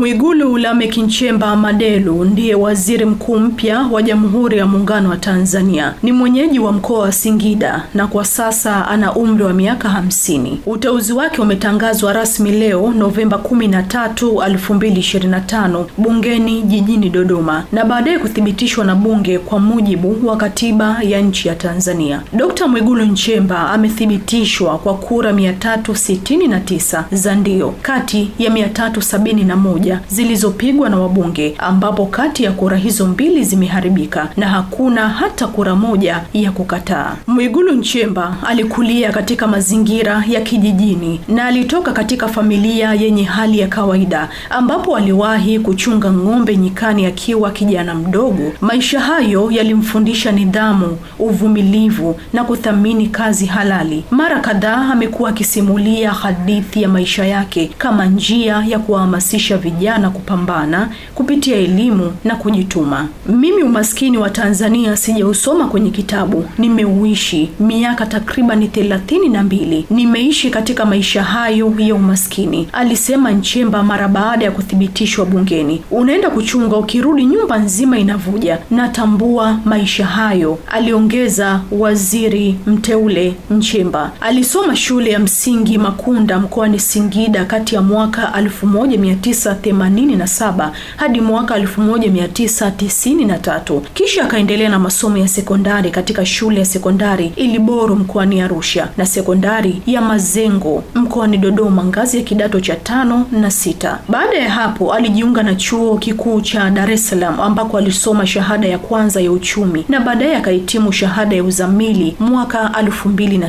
Mwigulu Lameck Nchemba Madelu ndiye waziri mkuu mpya wa Jamhuri ya Muungano wa Tanzania. Ni mwenyeji wa mkoa wa Singida na kwa sasa ana umri wa miaka hamsini. Uteuzi wake umetangazwa rasmi leo Novemba 13, 2025 bungeni jijini Dodoma na baadaye kuthibitishwa na bunge kwa mujibu wa katiba ya nchi ya Tanzania. Dkt. Mwigulu Nchemba amethibitishwa kwa kura 369 za ndio kati ya 371 moja zilizopigwa na wabunge, ambapo kati ya kura hizo mbili zimeharibika na hakuna hata kura moja ya kukataa. Mwigulu Nchemba alikulia katika mazingira ya kijijini na alitoka katika familia yenye hali ya kawaida, ambapo aliwahi kuchunga ng'ombe nyikani akiwa kijana mdogo. Maisha hayo yalimfundisha nidhamu, uvumilivu na kuthamini kazi halali. Mara kadhaa amekuwa akisimulia hadithi ya maisha yake kama njia ya kuwahamasisha vijana vijana kupambana kupitia elimu na kujituma. Mimi umaskini wa Tanzania sijausoma kwenye kitabu, nimeuishi miaka takribani thelathini na mbili. Nimeishi katika maisha hayo ya umaskini, alisema Nchemba mara baada ya kuthibitishwa bungeni. Unaenda kuchunga, ukirudi nyumba nzima inavuja. Natambua maisha hayo, aliongeza waziri mteule Nchemba. Alisoma shule ya msingi Makunda mkoani Singida kati ya mwaka 19 1987 hadi mwaka 1993. Kisha akaendelea na masomo ya sekondari katika shule ya sekondari Iliboro mkoani Arusha na sekondari ya Mazengo mkoani Dodoma ngazi ya kidato cha tano na sita. Baada ya hapo alijiunga na chuo kikuu cha Dar es Salaam ambako alisoma shahada ya kwanza ya uchumi na baadaye akahitimu shahada ya uzamili mwaka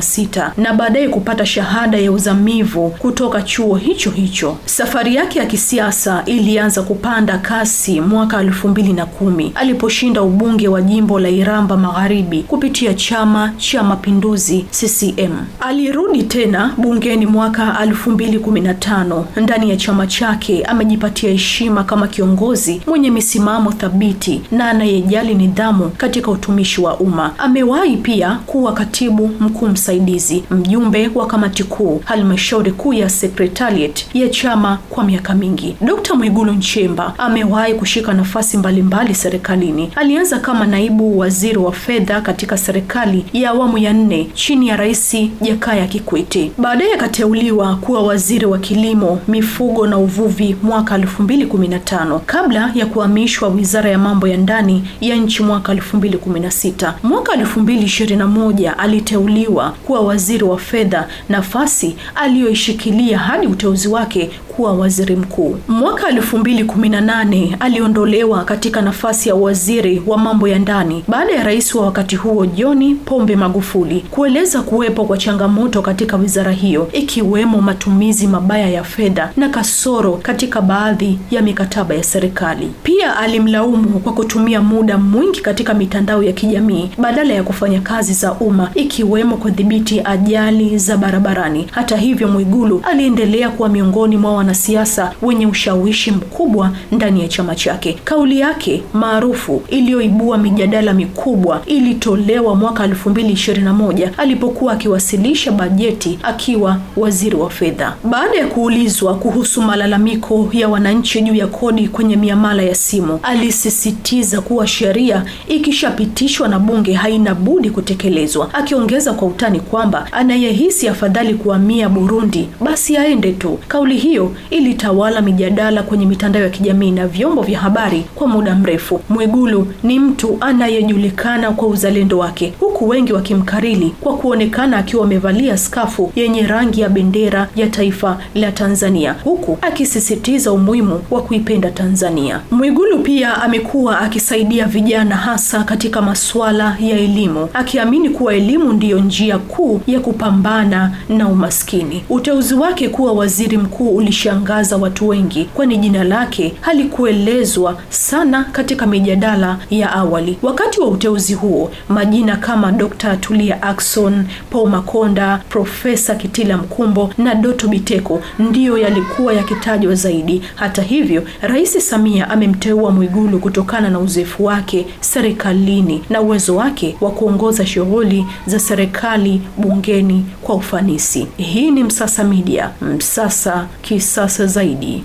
sita na baadaye kupata shahada ya uzamivu kutoka chuo hicho hicho. Safari yake ya kisiasa siasa ilianza kupanda kasi mwaka elfu mbili na kumi aliposhinda ubunge wa jimbo la Iramba Magharibi kupitia Chama cha Mapinduzi CCM. Alirudi tena bungeni mwaka elfu mbili kumi na tano. Ndani ya chama chake amejipatia heshima kama kiongozi mwenye misimamo thabiti na anayejali nidhamu katika utumishi wa umma. Amewahi pia kuwa katibu mkuu msaidizi, mjumbe wa kamati kuu, halmashauri kuu ya sekretariat ya chama kwa miaka mingi. Dkt. Mwigulu Nchemba amewahi kushika nafasi mbalimbali serikalini. Alianza kama naibu waziri wa fedha katika serikali ya awamu ya nne chini ya Rais Jakaya Kikwete. Baadaye akateuliwa kuwa waziri wa kilimo, mifugo na uvuvi mwaka 2015 kabla ya kuhamishwa Wizara ya Mambo ya Ndani ya nchi mwaka 2016. Mwaka 2021 aliteuliwa kuwa waziri wa fedha, nafasi aliyoishikilia hadi uteuzi wake kuwa waziri mkuu. Mwaka 2018 aliondolewa katika nafasi ya waziri wa mambo ya ndani baada ya rais wa wakati huo John Pombe Magufuli kueleza kuwepo kwa changamoto katika wizara hiyo ikiwemo matumizi mabaya ya fedha na kasoro katika baadhi ya mikataba ya serikali. Pia alimlaumu kwa kutumia muda mwingi katika mitandao ya kijamii badala ya kufanya kazi za umma ikiwemo kudhibiti ajali za barabarani. Hata hivyo, Mwigulu aliendelea kuwa miongoni mwa wanasiasa wenye ushawishi mkubwa ndani ya chama chake. Kauli yake maarufu iliyoibua mijadala mikubwa ilitolewa mwaka 2021 alipokuwa akiwasilisha bajeti akiwa waziri wa fedha. Baada ya kuulizwa kuhusu malalamiko ya wananchi juu ya kodi kwenye miamala ya simu, alisisitiza kuwa sheria ikishapitishwa na bunge haina budi kutekelezwa, akiongeza kwa utani kwamba anayehisi afadhali kuhamia Burundi basi aende tu. Kauli hiyo ilitawala mijadala kwenye mitandao ya kijamii na vyombo vya habari kwa muda mrefu. Mwigulu ni mtu anayejulikana kwa uzalendo wake, huku wengi wakimkarili kwa kuonekana akiwa amevalia skafu yenye rangi ya bendera ya taifa la Tanzania, huku akisisitiza umuhimu wa kuipenda Tanzania. Mwigulu pia amekuwa akisaidia vijana hasa katika masuala ya elimu, akiamini kuwa elimu ndiyo njia kuu ya kupambana na umaskini. Uteuzi wake kuwa waziri mkuu ulish lilishangaza watu wengi, kwani jina lake halikuelezwa sana katika mijadala ya awali. Wakati wa uteuzi huo, majina kama Dr. Tulia Ackson, Paul Makonda, Profesa Kitila Mkumbo na Doto Biteko ndiyo yalikuwa yakitajwa zaidi. Hata hivyo, Rais Samia amemteua Mwigulu kutokana na uzoefu wake serikalini na uwezo wake wa kuongoza shughuli za serikali bungeni kwa ufanisi. Hii ni Msasa Media, Msasa kisa kisasa zaidi.